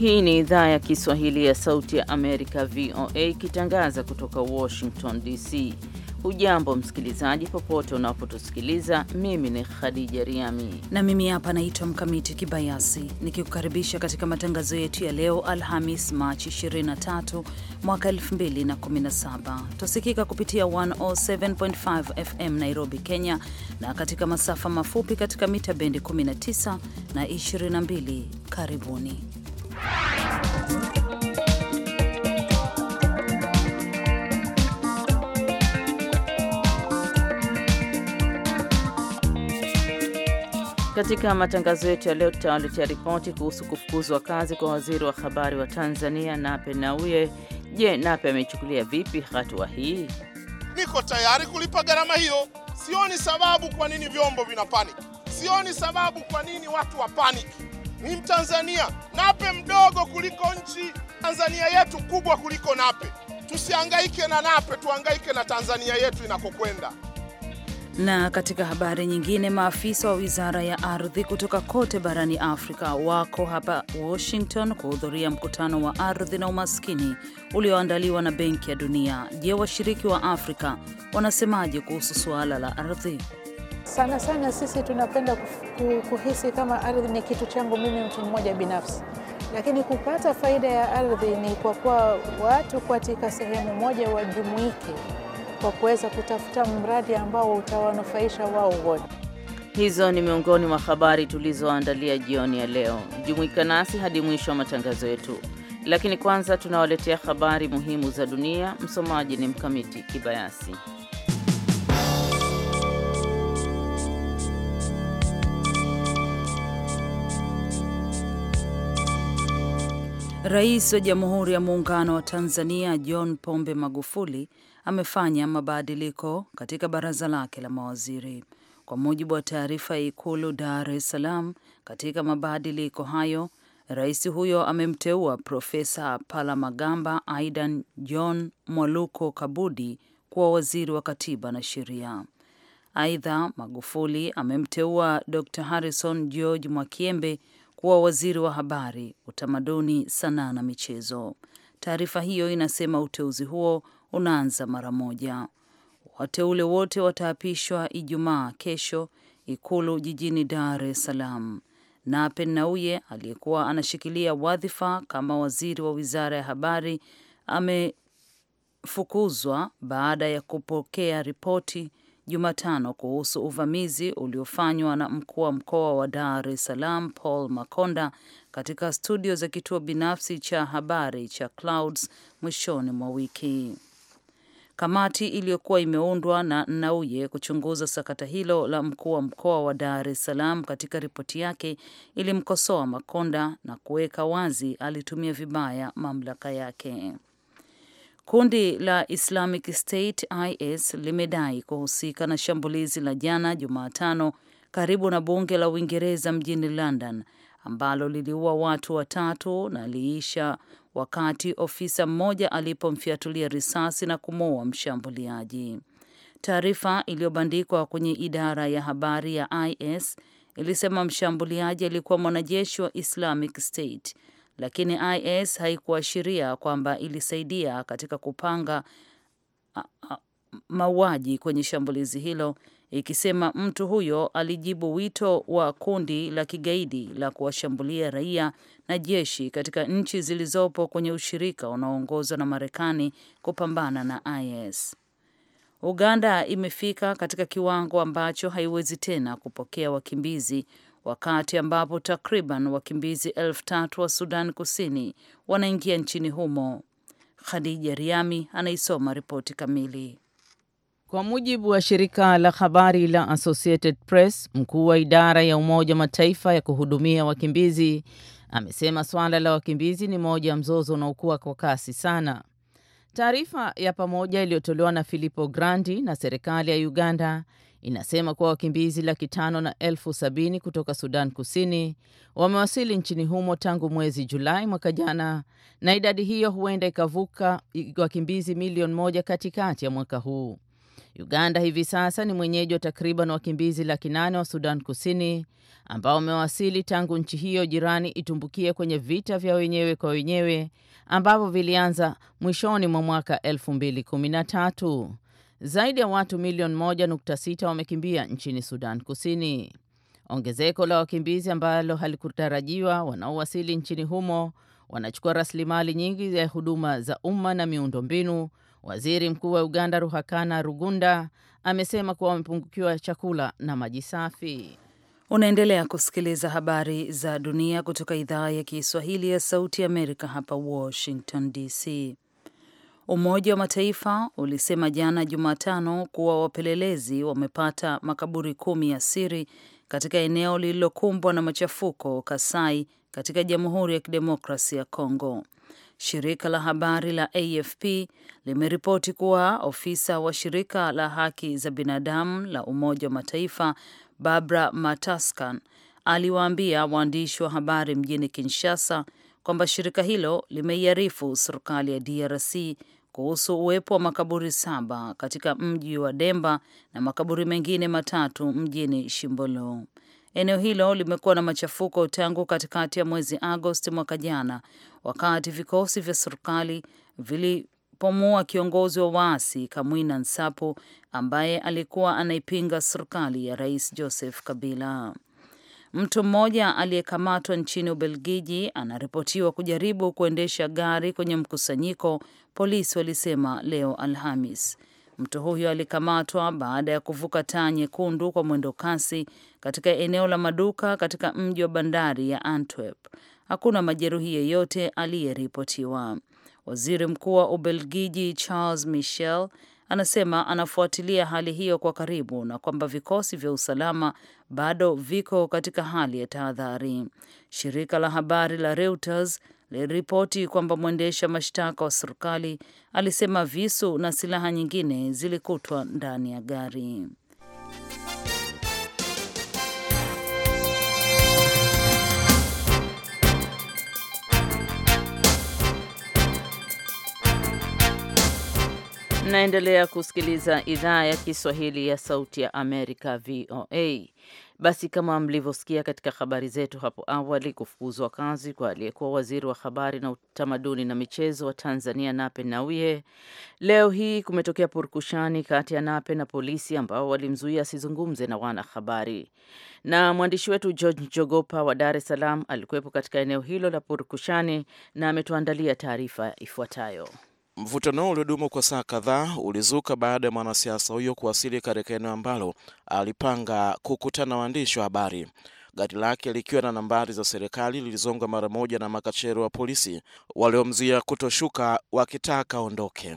Hii ni idhaa ya Kiswahili ya Sauti ya Amerika, VOA, ikitangaza kutoka Washington DC. ujambo msikilizaji, popote unapotusikiliza. Mimi ni Khadija Riami na mimi hapa naitwa Mkamiti Kibayasi, nikikukaribisha katika matangazo yetu ya leo Alhamis, Machi 23 mwaka 2017. Tusikika kupitia 107.5 FM Nairobi, Kenya, na katika masafa mafupi katika mita bendi 19 na 22. Karibuni. Katika matangazo yetu ya leo tutawaletea ripoti kuhusu kufukuzwa kazi kwa waziri wa habari wa Tanzania Nape Nnauye. Je, Nape amechukulia vipi hatua hii? Niko tayari kulipa gharama hiyo. Sioni sababu kwa nini vyombo vina panic, sioni sababu kwa nini watu wa panic ni Mtanzania. Nape mdogo kuliko nchi Tanzania yetu kubwa kuliko Nape. Tusihangaike na Nape, tuhangaike na Tanzania yetu inakokwenda. Na katika habari nyingine, maafisa wa wizara ya ardhi kutoka kote barani Afrika wako hapa Washington kuhudhuria mkutano wa ardhi na umaskini ulioandaliwa na Benki ya Dunia. Je, washiriki wa Afrika wanasemaje kuhusu suala la ardhi? Sana sana sisi tunapenda kuhisi kama ardhi ni kitu changu mimi mtu mmoja binafsi, lakini kupata faida ya ardhi ni kwa kuwa watu katika sehemu moja wajumuike kwa kuweza kutafuta mradi ambao utawanufaisha wao wote. Hizo ni miongoni mwa habari tulizoandalia jioni ya leo. Jumuika nasi hadi mwisho wa matangazo yetu, lakini kwanza tunawaletea habari muhimu za dunia. Msomaji ni Mkamiti Kibayasi. Rais wa Jamhuri ya Muungano wa Tanzania John Pombe Magufuli amefanya mabadiliko katika baraza lake la mawaziri. Kwa mujibu wa taarifa ya Ikulu Dar es Salaam, katika mabadiliko hayo rais huyo amemteua Profesa Palamagamba Aidan John Mwaluko Kabudi kuwa waziri wa katiba na sheria. Aidha, Magufuli amemteua Dr Harrison George Mwakiembe kuwa waziri wa habari, utamaduni, sanaa na michezo. Taarifa hiyo inasema uteuzi huo unaanza mara moja. Wateule wote wataapishwa Ijumaa kesho Ikulu jijini Dar es Salaam. Nape Nnauye aliyekuwa anashikilia wadhifa kama waziri wa wizara ya habari amefukuzwa baada ya kupokea ripoti Jumatano kuhusu uvamizi uliofanywa na mkuu wa mkoa wa Dar es Salaam Paul Makonda katika studio za kituo binafsi cha habari cha Clouds mwishoni mwa wiki. Kamati iliyokuwa imeundwa na Nnauye kuchunguza sakata hilo la mkuu wa mkoa wa Dar es Salaam katika ripoti yake ilimkosoa Makonda na kuweka wazi alitumia vibaya mamlaka yake. Kundi la Islamic State IS limedai kuhusika na shambulizi la jana Jumatano karibu na bunge la Uingereza mjini London ambalo liliua watu watatu na liisha wakati ofisa mmoja alipomfiatulia risasi na kumuua mshambuliaji. Taarifa iliyobandikwa kwenye idara ya habari ya IS ilisema mshambuliaji alikuwa mwanajeshi wa Islamic State lakini IS haikuashiria kwamba ilisaidia katika kupanga mauaji kwenye shambulizi hilo, ikisema mtu huyo alijibu wito wa kundi la kigaidi la kuwashambulia raia na jeshi katika nchi zilizopo kwenye ushirika unaoongozwa na Marekani kupambana na IS. Uganda imefika katika kiwango ambacho haiwezi tena kupokea wakimbizi wakati ambapo takriban wakimbizi elfu tatu wa Sudan Kusini wanaingia nchini humo. Khadija Riami anaisoma ripoti kamili. Kwa mujibu wa shirika la habari la Associated Press, mkuu wa idara ya Umoja wa Mataifa ya kuhudumia wakimbizi amesema swala la wakimbizi ni moja ya mzozo unaokuwa kwa kasi sana. Taarifa ya pamoja iliyotolewa na Filippo Grandi na serikali ya Uganda inasema kuwa wakimbizi laki tano na elfu sabini kutoka Sudan Kusini wamewasili nchini humo tangu mwezi Julai mwaka jana, na idadi hiyo huenda ikavuka wakimbizi milioni moja katikati ya mwaka huu. Uganda hivi sasa ni mwenyeji wa takriban wakimbizi laki nane wa Sudan Kusini ambao wamewasili tangu nchi hiyo jirani itumbukie kwenye vita vya wenyewe kwa wenyewe ambavyo vilianza mwishoni mwa mwaka 2013. Zaidi ya watu milioni 1.6 wamekimbia nchini Sudan Kusini. Ongezeko la wakimbizi ambalo halikutarajiwa wanaowasili nchini humo wanachukua rasilimali nyingi ya huduma za umma na miundo mbinu Waziri Mkuu wa Uganda Ruhakana Rugunda amesema kuwa wamepungukiwa chakula na maji safi. Unaendelea kusikiliza habari za dunia kutoka idhaa ya Kiswahili ya Sauti ya Amerika hapa Washington DC. Umoja wa Mataifa ulisema jana Jumatano kuwa wapelelezi wamepata makaburi kumi ya siri katika eneo lililokumbwa na machafuko Kasai katika Jamhuri ya Kidemokrasi ya Kongo. Shirika la habari la AFP limeripoti kuwa ofisa wa shirika la haki za binadamu la Umoja wa Mataifa Barbara Mataskan aliwaambia waandishi wa habari mjini Kinshasa kwamba shirika hilo limeiarifu serikali ya DRC kuhusu uwepo wa makaburi saba katika mji wa Demba na makaburi mengine matatu mjini Shimbolo. Eneo hilo limekuwa na machafuko tangu katikati ya mwezi Agosti mwaka jana, wakati vikosi vya serikali vilipomua kiongozi wa waasi Kamwina Nsapu ambaye alikuwa anaipinga serikali ya Rais Joseph Kabila. Mtu mmoja aliyekamatwa nchini Ubelgiji anaripotiwa kujaribu kuendesha gari kwenye mkusanyiko, polisi walisema leo Alhamis. Mtu huyo alikamatwa baada ya kuvuka taa nyekundu kwa mwendo kasi katika eneo la maduka katika mji wa bandari ya Antwerp. Hakuna majeruhi yeyote aliyeripotiwa. Waziri Mkuu wa Ubelgiji Charles Michel anasema anafuatilia hali hiyo kwa karibu na kwamba vikosi vya usalama bado viko katika hali ya tahadhari. Shirika la habari la Reuters liliripoti kwamba mwendesha mashtaka wa serikali alisema visu na silaha nyingine zilikutwa ndani ya gari. naendelea kusikiliza idhaa ya Kiswahili ya Sauti ya Amerika, VOA. Basi kama mlivyosikia katika habari zetu hapo awali, kufukuzwa kazi kwa aliyekuwa waziri wa habari na utamaduni na michezo wa Tanzania Nape Nnauye, leo hii kumetokea purukushani kati ya Nape na polisi ambao walimzuia asizungumze na wanahabari. Na mwandishi wetu George Jogopa wa Dar es Salaam alikuwepo katika eneo hilo la purukushani na ametuandalia taarifa ifuatayo. Mvutano uliodumu kwa saa kadhaa ulizuka baada ya mwanasiasa huyo kuwasili katika eneo ambalo alipanga kukutana waandishi wa habari. Gari lake likiwa na nambari za serikali lilizongwa mara moja na makachero wa polisi waliomzuia kutoshuka wakitaka aondoke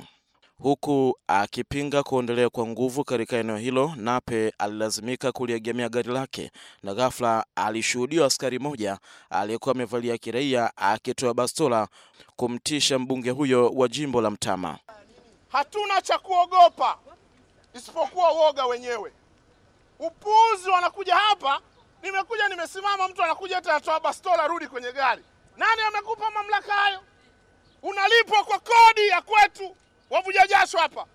huku akipinga kuondolewa kwa nguvu katika eneo hilo. Nape alilazimika kuliegemea gari lake na ghafla alishuhudiwa askari mmoja aliyekuwa amevalia kiraia akitoa bastola kumtisha mbunge huyo wa jimbo la Mtama. Hatuna cha kuogopa isipokuwa woga wenyewe. Upuzi, wanakuja hapa, nimekuja nimesimama, mtu anakuja hata anatoa bastola, rudi kwenye gari. Nani amekupa mamlaka hayo? Unalipwa kwa kodi ya kwetu wavuja jasho hapa,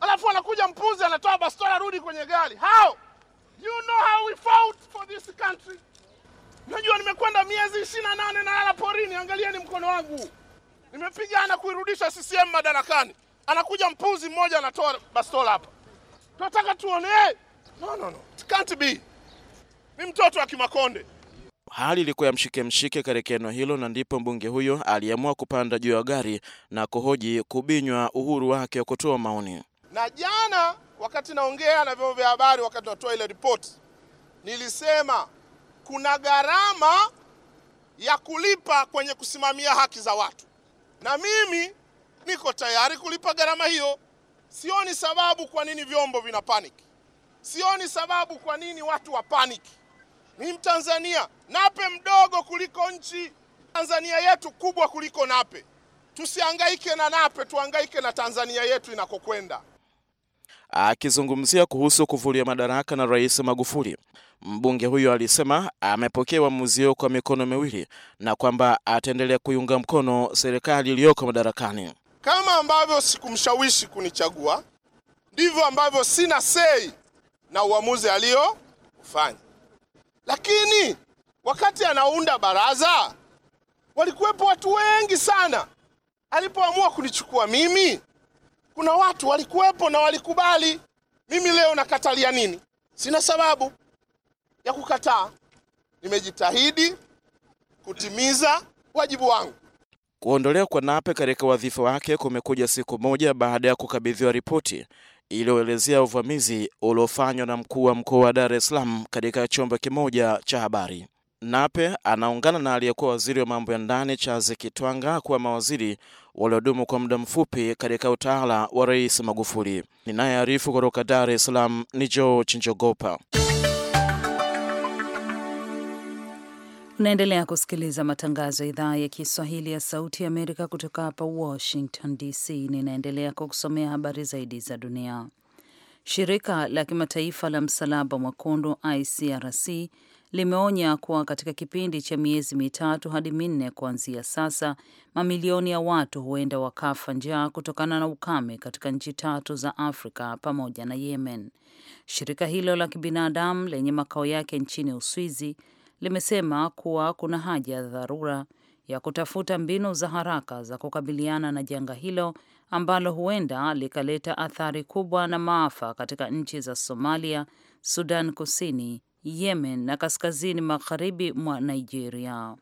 alafu anakuja mpuzi anatoa bastola, rudi kwenye gari. How you know how we fought for this country? Najua nimekwenda miezi ishirini na nane nalala porini, angalieni mkono wangu, nimepigana kuirudisha CCM madarakani. Anakuja mpuzi mmoja anatoa bastola hapa, tunataka tuone. No, no, no. It can't be. Ni mtoto wa Kimakonde. Hali ilikuwa ya mshike mshike katika eneo hilo, na ndipo mbunge huyo aliamua kupanda juu ya gari na kuhoji kubinywa uhuru wake wa kutoa maoni. Na jana wakati naongea na vyombo vya habari, wakati natoa ile ripoti, nilisema kuna gharama ya kulipa kwenye kusimamia haki za watu, na mimi niko tayari kulipa gharama hiyo. Sioni sababu kwa nini vyombo vina panic, sioni sababu kwa nini watu wa panic ni Mtanzania. Nape mdogo kuliko nchi. Tanzania yetu kubwa kuliko Nape. Tusihangaike na Nape, tuhangaike na Tanzania yetu inakokwenda. Akizungumzia kuhusu kuvulia madaraka na Rais Magufuli, mbunge huyo alisema amepokea uamuzi huo kwa mikono miwili na kwamba ataendelea kuiunga mkono serikali iliyoko madarakani. Kama ambavyo sikumshawishi kunichagua, ndivyo ambavyo sina sei na uamuzi aliyofanya. Lakini wakati anaunda baraza walikuwepo watu wengi sana. Alipoamua kunichukua mimi, kuna watu walikuwepo na walikubali. Mimi leo nakatalia nini? Sina sababu ya kukataa. Nimejitahidi kutimiza wajibu wangu. Kuondolewa kwa Nape katika wadhifa wake kumekuja siku moja baada ya kukabidhiwa ripoti iliyoelezea uvamizi uliofanywa na mkuu wa mkoa wa Dar es Salaam katika chombo kimoja cha habari. Nape anaungana na aliyekuwa waziri wa mambo ya ndani Charles Kitwanga kuwa mawaziri waliodumu kwa muda mfupi katika utawala wa Rais Magufuli. Ninayearifu kutoka Dar es Salaam ni George Njogopa. Unaendelea kusikiliza matangazo ya idhaa ya Kiswahili ya Sauti ya Amerika kutoka hapa Washington DC. Ninaendelea kukusomea habari zaidi za dunia. Shirika la kimataifa la Msalaba Mwekundu ICRC limeonya kuwa katika kipindi cha miezi mitatu hadi minne kuanzia sasa, mamilioni ya watu huenda wakafa njaa kutokana na ukame katika nchi tatu za Afrika pamoja na Yemen. Shirika hilo la kibinadamu lenye makao yake nchini Uswizi limesema kuwa kuna haja ya dharura ya kutafuta mbinu za haraka za kukabiliana na janga hilo ambalo huenda likaleta athari kubwa na maafa katika nchi za Somalia, Sudan Kusini, Yemen na kaskazini magharibi mwa Nigeria.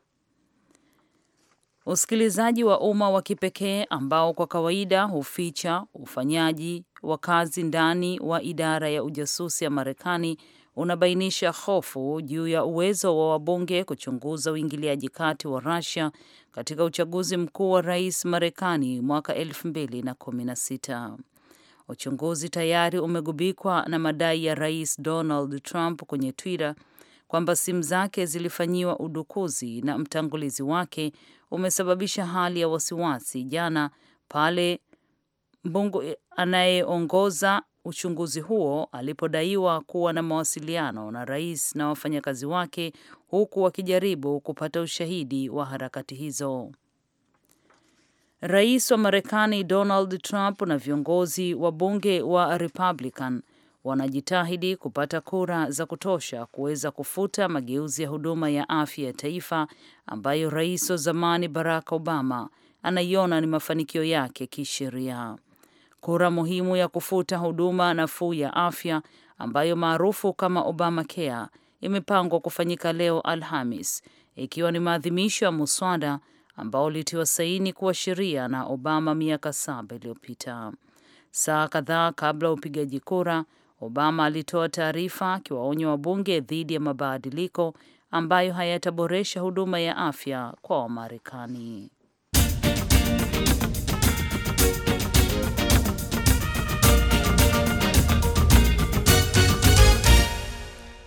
Usikilizaji wa umma wa kipekee ambao kwa kawaida huficha ufanyaji wa kazi ndani wa idara ya ujasusi ya Marekani unabainisha hofu juu ya uwezo wa wabunge kuchunguza uingiliaji kati wa Russia katika uchaguzi mkuu wa rais Marekani mwaka 2016. Uchunguzi tayari umegubikwa na madai ya Rais Donald Trump kwenye Twitter kwamba simu zake zilifanyiwa udukuzi na mtangulizi wake umesababisha hali ya wasiwasi jana pale mbunge anayeongoza uchunguzi huo alipodaiwa kuwa na mawasiliano na rais na wafanyakazi wake huku wakijaribu kupata ushahidi wa harakati hizo. Rais wa Marekani Donald Trump na viongozi wa bunge wa Republican wanajitahidi kupata kura za kutosha kuweza kufuta mageuzi ya huduma ya afya ya taifa ambayo rais wa zamani Barack Obama anaiona ni mafanikio yake kisheria kura muhimu ya kufuta huduma nafuu ya afya ambayo maarufu kama Obamacare imepangwa kufanyika leo Alhamis, ikiwa ni maadhimisho ya muswada ambao ulitiwa saini kuwa sheria na Obama miaka saba iliyopita. Saa kadhaa kabla ya upigaji kura, Obama alitoa taarifa akiwaonya wabunge dhidi ya mabadiliko ambayo hayataboresha huduma ya afya kwa Wamarekani.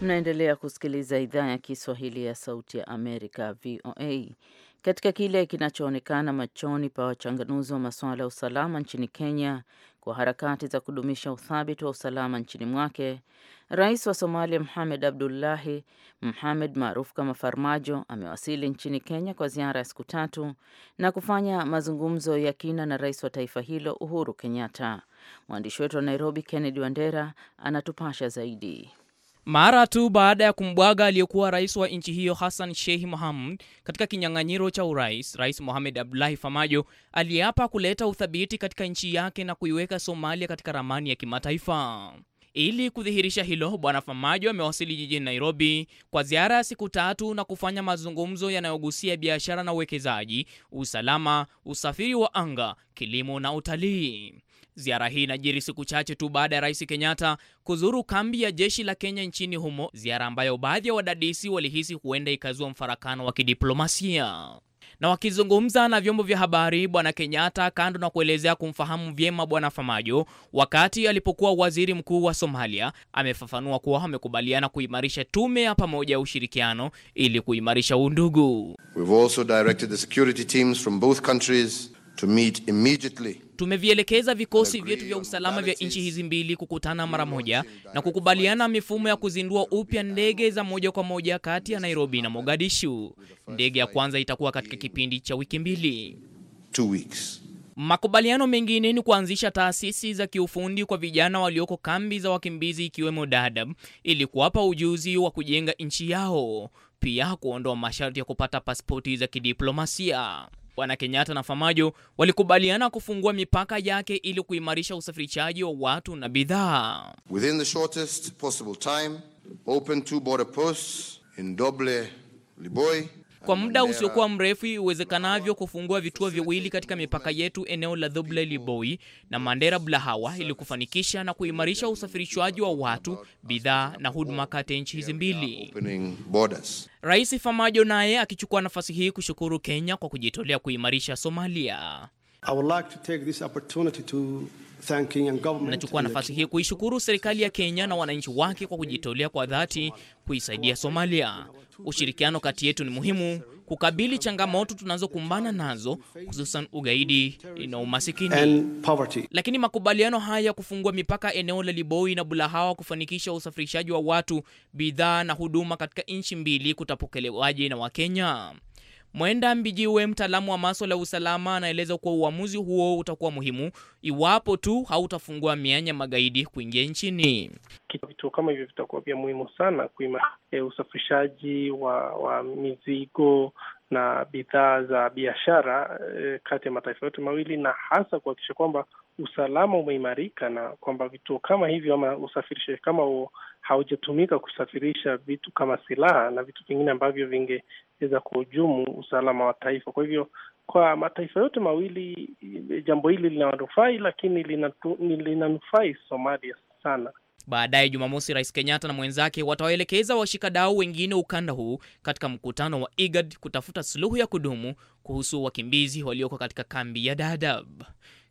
Mnaendelea kusikiliza idhaa ya Kiswahili ya Sauti ya Amerika, VOA. Katika kile kinachoonekana machoni pa wachanganuzi wa masuala ya usalama nchini Kenya kwa harakati za kudumisha uthabiti wa usalama nchini mwake, rais wa Somalia Mohamed Abdullahi Mohamed maarufu kama Farmajo amewasili nchini Kenya kwa ziara ya siku tatu na kufanya mazungumzo ya kina na rais wa taifa hilo Uhuru Kenyatta. Mwandishi wetu wa Nairobi Kennedy Wandera anatupasha zaidi mara tu baada ya kumbwaga aliyekuwa rais wa nchi hiyo Hassan Sheikh Mohamud katika kinyang'anyiro cha urais, Rais Mohamed Abdullahi Farmajo aliapa kuleta uthabiti katika nchi yake na kuiweka Somalia katika ramani ya kimataifa. Ili kudhihirisha hilo, Bwana Farmajo amewasili jijini Nairobi kwa ziara ya siku tatu na kufanya mazungumzo yanayogusia biashara na uwekezaji, usalama, usafiri wa anga, kilimo na utalii. Ziara hii inajiri siku chache tu baada ya Rais Kenyatta kuzuru kambi ya jeshi la Kenya nchini humo, ziara ambayo baadhi ya wadadisi walihisi huenda ikazua mfarakano wa kidiplomasia. Na wakizungumza na vyombo vya habari, Bwana Kenyatta, kando na kuelezea kumfahamu vyema Bwana Famajo wakati alipokuwa waziri mkuu wa Somalia, amefafanua kuwa amekubaliana kuimarisha tume ya pamoja ya ushirikiano ili kuimarisha undugu. We've also directed the security teams from both countries to meet immediately Tumevielekeza vikosi vyetu vya usalama vya nchi hizi mbili kukutana mara moja na kukubaliana mifumo ya kuzindua upya ndege za moja kwa moja kati ya Nairobi na Mogadishu. Ndege ya kwanza itakuwa katika kipindi cha wiki mbili. Makubaliano mengine ni kuanzisha taasisi za kiufundi kwa vijana walioko kambi za wakimbizi ikiwemo Dadaab ili kuwapa ujuzi wa kujenga nchi yao, pia kuondoa masharti ya kupata pasipoti za kidiplomasia. Bwana Kenyatta na Famajo walikubaliana kufungua mipaka yake ili kuimarisha usafirishaji wa watu na bidhaa. Within the shortest possible time, open two border posts in Doble Liboy kwa muda usiokuwa mrefu iwezekanavyo kufungua vituo viwili katika mipaka yetu eneo la Dhubla Liboi na Mandera blahawa ili kufanikisha na kuimarisha usafirishwaji wa watu, bidhaa na huduma kati ya nchi hizi mbili. Rais Famajo naye akichukua nafasi hii kushukuru Kenya kwa kujitolea kuimarisha Somalia. I would like to take this opportunity to Nachukua nafasi hii kuishukuru serikali ya Kenya na wananchi wake kwa kujitolea kwa dhati kuisaidia Somalia. Ushirikiano kati yetu ni muhimu kukabili changamoto tunazokumbana nazo hususan ugaidi na umasikini. Lakini makubaliano haya kufungua mipaka eneo la Liboi na Bulahawa kufanikisha usafirishaji wa watu, bidhaa na huduma katika nchi mbili kutapokelewaje na Wakenya? Mwenda Mbijiwe, mtaalamu wa maswala ya usalama, anaeleza kuwa uamuzi huo utakuwa muhimu iwapo tu hautafungua mianya magaidi kuingia nchini. Vituo kama hivyo vitakuwa pia muhimu sana kuima e, usafirishaji wa, wa mizigo na bidhaa za biashara e, kati ya mataifa yote mawili na hasa kuhakikisha kwamba usalama umeimarika na kwamba vituo kama hivyo ama usafirishaji kama huo haujatumika kusafirisha vitu kama silaha na vitu vingine ambavyo vinge za kuhujumu usalama wa taifa. Kwa hivyo kwa mataifa yote mawili jambo hili linawanufai, lakini linanufai Somalia sana. Baadaye Jumamosi, Rais Kenyatta na mwenzake watawaelekeza washikadau wengine ukanda huu katika mkutano wa IGAD kutafuta suluhu ya kudumu kuhusu wakimbizi walioko katika kambi ya Dadaab.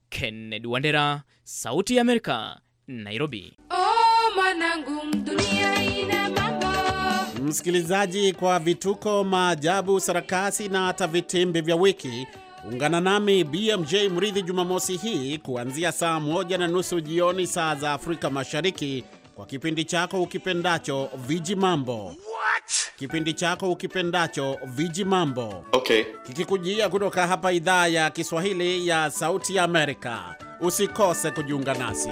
Kennedy Wandera, Sauti ya Amerika, Nairobi. Oh, manangu, dunia ina mama. Msikilizaji, kwa vituko, maajabu, sarakasi na hata vitimbi vya wiki, ungana nami BMJ Mridhi Jumamosi hii kuanzia saa moja na nusu jioni saa za Afrika Mashariki kwa kipindi chako ukipendacho Viji Mambo. Kipindi chako ukipendacho Viji Mambo. Okay. Kikikujia kutoka hapa idhaa ya Kiswahili ya Sauti ya Amerika. Usikose kujiunga nasi.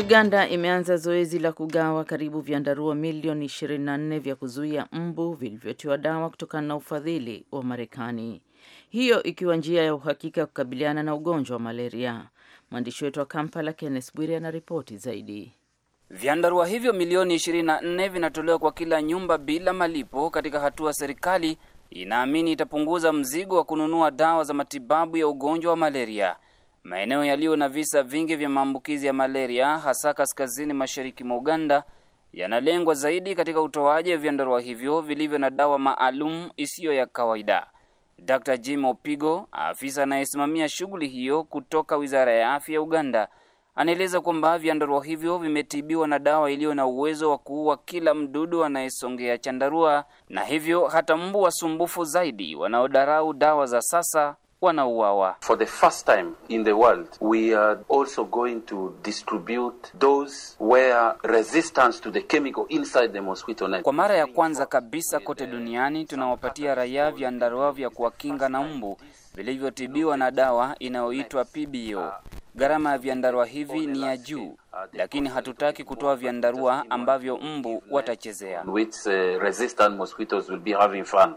Uganda imeanza zoezi la kugawa karibu vyandarua milioni 24 vya kuzuia mbu vilivyotiwa dawa kutokana na ufadhili wa Marekani, hiyo ikiwa njia ya uhakika ya kukabiliana na ugonjwa wa malaria. Mwandishi wetu wa Kampala, Kenneth Bwire, anaripoti zaidi. Vyandarua hivyo milioni 24 vinatolewa kwa kila nyumba bila malipo, katika hatua serikali inaamini itapunguza mzigo wa kununua dawa za matibabu ya ugonjwa wa malaria maeneo yaliyo na visa vingi vya maambukizi ya malaria hasa kaskazini mashariki mwa Uganda yanalengwa zaidi katika utoaji wa vyandarua hivyo vilivyo na dawa maalum isiyo ya kawaida. Dr. Jim Opigo, afisa anayesimamia shughuli hiyo kutoka Wizara ya Afya ya Uganda, anaeleza kwamba vyandarua hivyo vimetibiwa na dawa iliyo na uwezo wa kuua kila mdudu anayesongea chandarua na hivyo hata mbu wasumbufu zaidi wanaodarau dawa za sasa wanauawa. For the first time in the world we are also going to distribute those where resistance to the chemical inside the mosquito net. Kwa mara ya kwanza kabisa kote duniani tunawapatia raia vyandarua vya kuwakinga na mbu vilivyotibiwa na dawa inayoitwa PBO. Gharama ya vyandarua hivi ni ya juu, uh, lakini hatutaki kutoa vyandarua ambavyo mbu watachezea. Uh,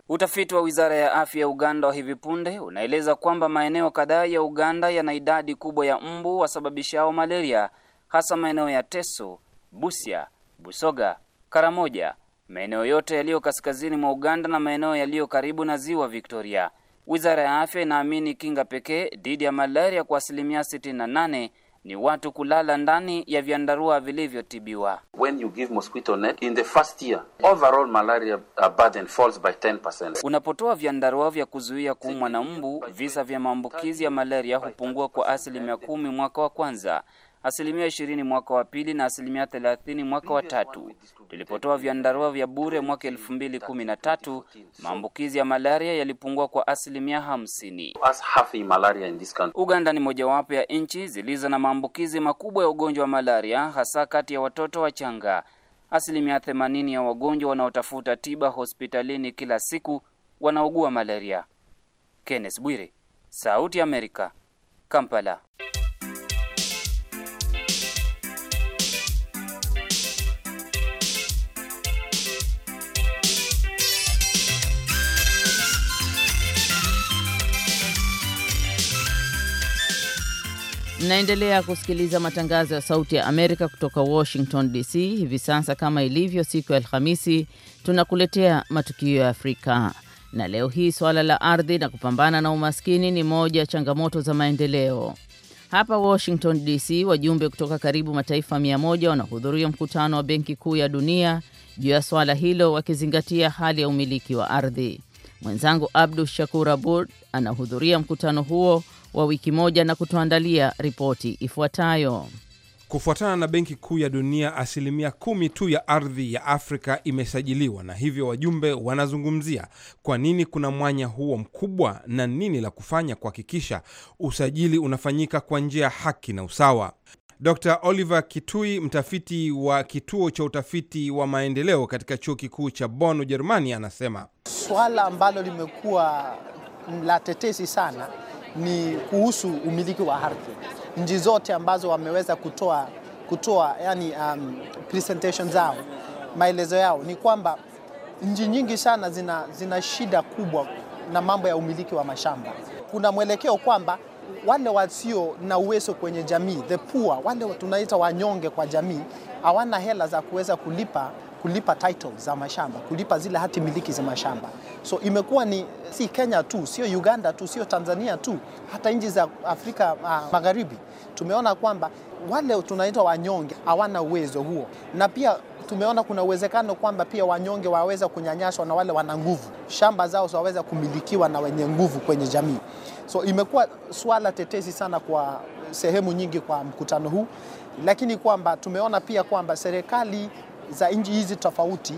Utafiti wa wizara ya afya ya Uganda wa hivi punde unaeleza kwamba maeneo kadhaa ya Uganda yana idadi kubwa ya mbu wasababishao malaria, hasa maeneo ya Teso, Busia, Busoga, Karamoja, maeneo yote yaliyo kaskazini mwa Uganda na maeneo yaliyo karibu na ziwa Victoria. Wizara ya Afya inaamini kinga pekee dhidi ya malaria kwa asilimia 68 ni watu kulala ndani ya vyandarua vilivyotibiwa. When you give mosquito net in the first year overall malaria uh, burden falls by 10%. Unapotoa vyandarua vya kuzuia kuumwa na mbu, visa vya maambukizi ya malaria hupungua kwa asilimia kumi mwaka wa kwanza asilimia 20 mwaka wa pili na asilimia 30 mwaka wa tatu. Tulipotoa vyandarua vya bure mwaka 2013, maambukizi ya malaria yalipungua kwa asilimia 50 Uganda ni mojawapo ya nchi zilizo na maambukizi makubwa ya ugonjwa wa malaria hasa kati ya watoto wachanga. Asilimia 80 ya wagonjwa wanaotafuta tiba hospitalini kila siku wanaugua malaria. Kenneth Bwire, Sauti ya Amerika, Kampala. Mnaendelea kusikiliza matangazo ya Sauti ya Amerika kutoka Washington DC. Hivi sasa, kama ilivyo siku ya Alhamisi, tunakuletea matukio ya Afrika, na leo hii suala la ardhi na kupambana na umaskini ni moja ya changamoto za maendeleo. Hapa Washington DC, wajumbe kutoka karibu mataifa mia moja wanahudhuria mkutano wa Benki Kuu ya Dunia juu ya swala hilo, wakizingatia hali ya umiliki wa ardhi. Mwenzangu Abdu Shakur Abud anahudhuria mkutano huo wa wiki moja na kutuandalia ripoti ifuatayo. Kufuatana na Benki Kuu ya Dunia, asilimia kumi tu ya ardhi ya Afrika imesajiliwa, na hivyo wajumbe wanazungumzia kwa nini kuna mwanya huo mkubwa na nini la kufanya kuhakikisha usajili unafanyika kwa njia ya haki na usawa. Dr Oliver Kitui, mtafiti wa kituo cha utafiti wa maendeleo katika chuo kikuu cha Bonn, Ujerumani, anasema swala ambalo limekuwa la tetesi sana ni kuhusu umiliki wa ardhi. Nchi zote ambazo wameweza kutoa, kutoa yani, um, presentation zao maelezo yao ni kwamba nchi nyingi sana zina, zina shida kubwa na mambo ya umiliki wa mashamba. Kuna mwelekeo kwamba wale wasio na uwezo kwenye jamii, the poor, wale tunaita wanyonge kwa jamii, hawana hela za kuweza kulipa kulipa title za mashamba, kulipa zile hati miliki za mashamba. So imekuwa ni si Kenya tu, sio Uganda tu, sio Tanzania tu, hata nchi za Afrika uh, Magharibi tumeona kwamba wale tunaitwa wanyonge hawana uwezo huo, na pia tumeona kuna uwezekano kwamba pia wanyonge waweza kunyanyaswa na wale wana nguvu, shamba zao zaweza kumilikiwa na wenye nguvu kwenye jamii. So imekuwa swala tetezi sana kwa sehemu nyingi kwa mkutano huu, lakini kwamba tumeona pia kwamba serikali za nchi hizi tofauti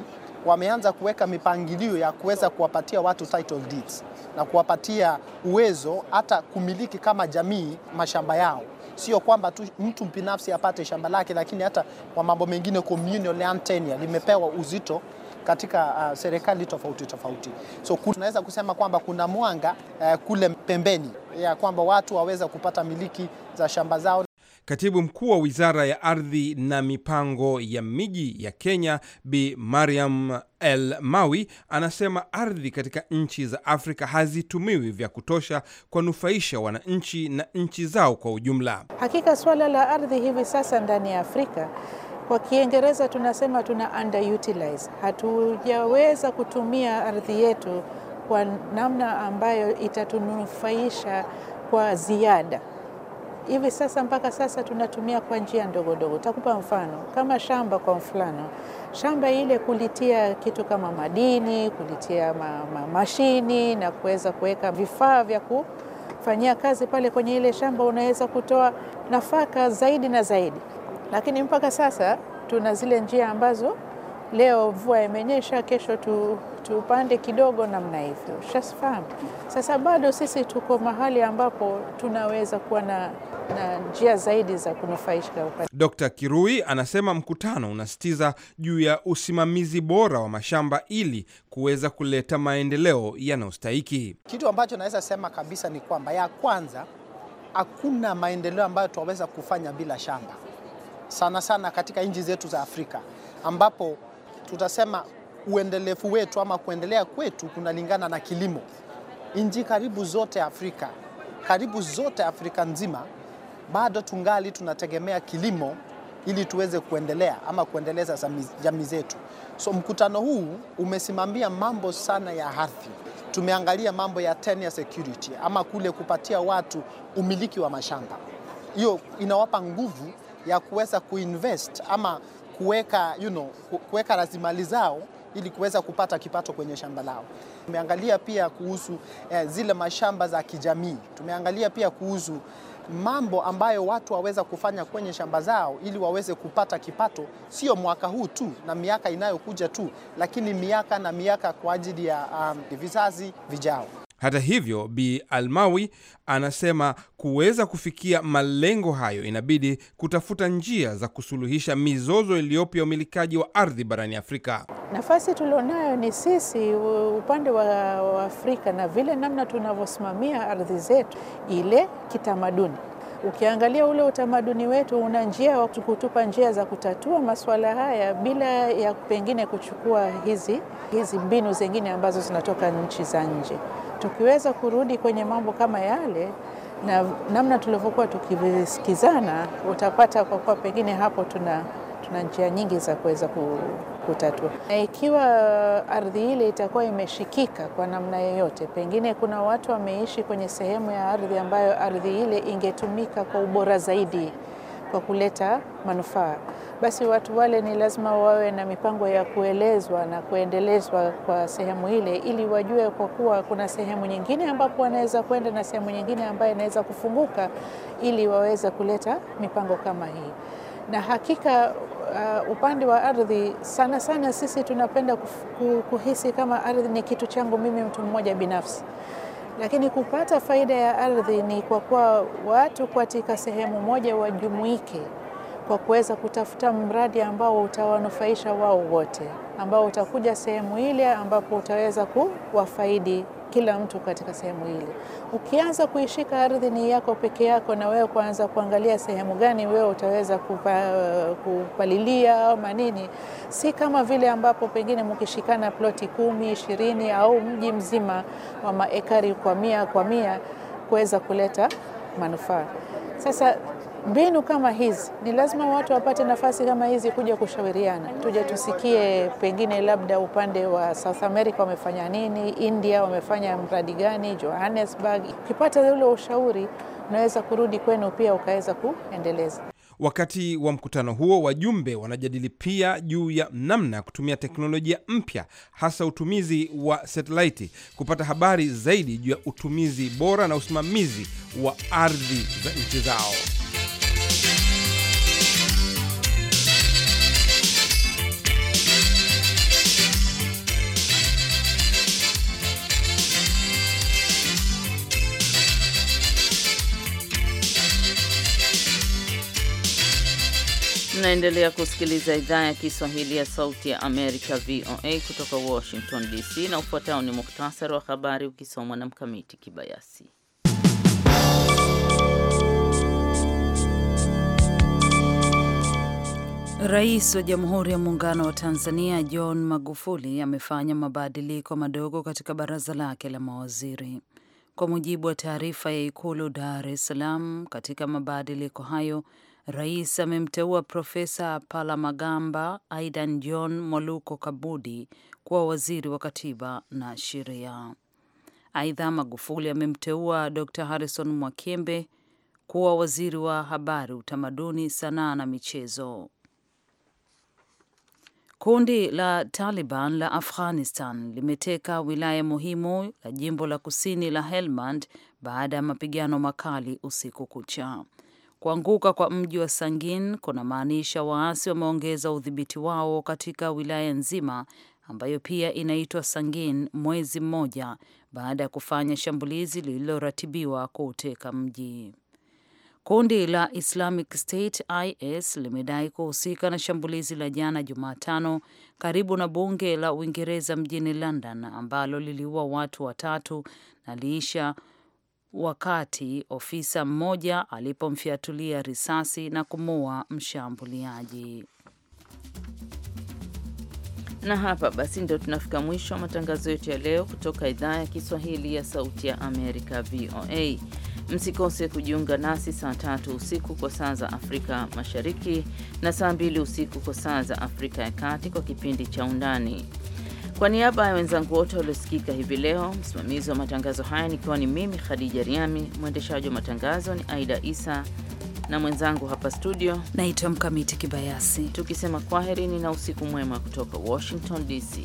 wameanza kuweka mipangilio ya kuweza kuwapatia watu title deeds na kuwapatia uwezo hata kumiliki kama jamii mashamba yao, sio kwamba tu mtu binafsi apate shamba lake, lakini hata kwa mambo mengine communal land tenure limepewa uzito katika uh, serikali tofauti tofauti. So tunaweza kusema kwamba kuna mwanga uh, kule pembeni ya kwamba watu waweza kupata miliki za shamba zao. Katibu mkuu wa wizara ya ardhi na mipango ya miji ya Kenya Bi Mariam El Mawi anasema ardhi katika nchi za Afrika hazitumiwi vya kutosha kuwanufaisha wananchi na nchi zao kwa ujumla. Hakika suala la ardhi hivi sasa ndani ya Afrika kwa Kiingereza tunasema tuna underutilize, hatujaweza kutumia ardhi yetu kwa namna ambayo itatunufaisha kwa ziada hivi sasa mpaka sasa tunatumia kwa njia ndogo ndogo. Takupa mfano kama shamba, kwa mfano shamba ile kulitia kitu kama madini, kulitia ma, ma, mashini na kuweza kuweka vifaa vya kufanyia kazi pale kwenye ile shamba, unaweza kutoa nafaka zaidi na zaidi, lakini mpaka sasa tuna zile njia ambazo leo mvua imenyesha, kesho tu, tupande kidogo namna hivyo, shasifahamu. Sasa bado sisi tuko mahali ambapo tunaweza kuwa na, na njia zaidi za kunufaisha upande. Dr. Kirui anasema mkutano unasitiza juu ya usimamizi bora wa mashamba ili kuweza kuleta maendeleo yanayostahiki. Kitu ambacho naweza sema kabisa ni kwamba ya kwanza, hakuna maendeleo ambayo tunaweza kufanya bila shamba, sana sana katika nchi zetu za Afrika ambapo tutasema uendelevu wetu ama kuendelea kwetu kunalingana na kilimo. Nchi karibu zote Afrika, karibu zote Afrika nzima, bado tungali tunategemea kilimo ili tuweze kuendelea ama kuendeleza jamii zetu. So mkutano huu umesimamia mambo sana ya ardhi. Tumeangalia mambo ya tenure security ama kule kupatia watu umiliki wa mashamba. Hiyo inawapa nguvu ya kuweza kuinvest ama kuweka you know, kuweka rasilimali zao ili kuweza kupata kipato kwenye shamba lao. Tumeangalia pia kuhusu eh, zile mashamba za kijamii. Tumeangalia pia kuhusu mambo ambayo watu waweza kufanya kwenye shamba zao ili waweze kupata kipato, sio mwaka huu tu na miaka inayokuja tu, lakini miaka na miaka kwa ajili ya um, vizazi vijao. Hata hivyo, Bi Almawi anasema kuweza kufikia malengo hayo inabidi kutafuta njia za kusuluhisha mizozo iliyopo ya umilikaji wa ardhi barani Afrika. Nafasi tulionayo ni sisi upande wa Afrika na vile namna tunavyosimamia ardhi zetu ile kitamaduni Ukiangalia ule utamaduni wetu una njia wa kutupa njia za kutatua masuala haya bila ya pengine kuchukua hizi hizi mbinu zingine ambazo zinatoka nchi za nje tukiweza kurudi kwenye mambo kama yale na namna tulivyokuwa tukisikizana, utapata kwa kuwa pengine hapo tuna tuna njia nyingi za kuweza kutatua. Na ikiwa ardhi ile itakuwa imeshikika kwa namna yoyote, pengine kuna watu wameishi kwenye sehemu ya ardhi ambayo ardhi ile ingetumika kwa ubora zaidi kwa kuleta manufaa. Basi watu wale ni lazima wawe na mipango ya kuelezwa na kuendelezwa kwa sehemu ile, ili wajue kwa kuwa kuna sehemu nyingine ambapo wanaweza kwenda na sehemu nyingine ambayo inaweza kufunguka, ili waweze kuleta mipango kama hii. Na hakika uh, upande wa ardhi sana sana sisi tunapenda kuhisi kama ardhi ni kitu changu mimi mtu mmoja binafsi. Lakini kupata faida ya ardhi ni kwa kuwa watu katika sehemu moja wajumuike kwa kuweza kutafuta mradi ambao utawanufaisha wao wote ambao utakuja sehemu ile ambapo utaweza kuwafaidi kila mtu katika sehemu ile. Ukianza kuishika ardhi ni yako peke yako, na wewe kuanza kuangalia sehemu gani wewe utaweza kupa, kupalilia au manini, si kama vile ambapo pengine mkishikana ploti kumi, ishirini au mji mzima wa maekari kwa mia kwa mia kuweza kuleta manufaa. Sasa Mbinu kama hizi ni lazima watu wapate nafasi kama hizi kuja kushauriana, tuja tusikie, pengine labda upande wa South America wamefanya nini, India wamefanya mradi gani, Johannesburg. Ukipata ule ushauri, unaweza kurudi kwenu pia ukaweza kuendeleza. Wakati wa mkutano huo, wajumbe wanajadili pia juu ya namna ya kutumia teknolojia mpya, hasa utumizi wa satelaiti kupata habari zaidi juu ya utumizi bora na usimamizi wa ardhi za nchi zao. Mnaendelea kusikiliza idhaa ya Kiswahili ya Sauti ya Amerika, VOA, kutoka Washington DC, na ufuatao ni muktasari wa habari ukisomwa na Mkamiti Kibayasi. Rais wa Jamhuri ya Muungano wa Tanzania John Magufuli amefanya mabadiliko madogo katika baraza lake la mawaziri. Kwa mujibu wa taarifa ya Ikulu Dar es Salaam, katika mabadiliko hayo Rais amemteua Profesa Palamagamba Aidan John Mwaluko Kabudi kuwa waziri wa katiba na sheria. Aidha, Magufuli amemteua Dr Harrison Mwakembe kuwa waziri wa habari, utamaduni, sanaa na michezo. Kundi la Taliban la Afghanistan limeteka wilaya muhimu la jimbo la kusini la Helmand baada ya mapigano makali usiku kucha. Kuanguka kwa mji wa Sangin kunamaanisha waasi wameongeza udhibiti wao katika wilaya nzima ambayo pia inaitwa Sangin mwezi mmoja baada ya kufanya shambulizi lililoratibiwa kuuteka mji. Kundi la Islamic State IS limedai kuhusika na shambulizi la jana Jumatano karibu na bunge la Uingereza mjini London ambalo liliua watu watatu na liisha wakati ofisa mmoja alipomfyatulia risasi na kumua mshambuliaji. Na hapa basi ndo tunafika mwisho wa matangazo yetu ya leo kutoka idhaa ya Kiswahili ya Sauti ya Amerika, VOA. Msikose kujiunga nasi saa tatu usiku kwa saa za Afrika Mashariki na saa mbili usiku kwa saa za Afrika ya Kati kwa kipindi cha Undani. Kwa niaba ya wenzangu wote waliosikika hivi leo, msimamizi wa matangazo haya nikiwa ni mimi Khadija Riami, mwendeshaji wa matangazo ni Aida Isa na mwenzangu hapa studio naitwa Mkamiti Kibayasi, tukisema kwaherini na usiku mwema kutoka Washington DC.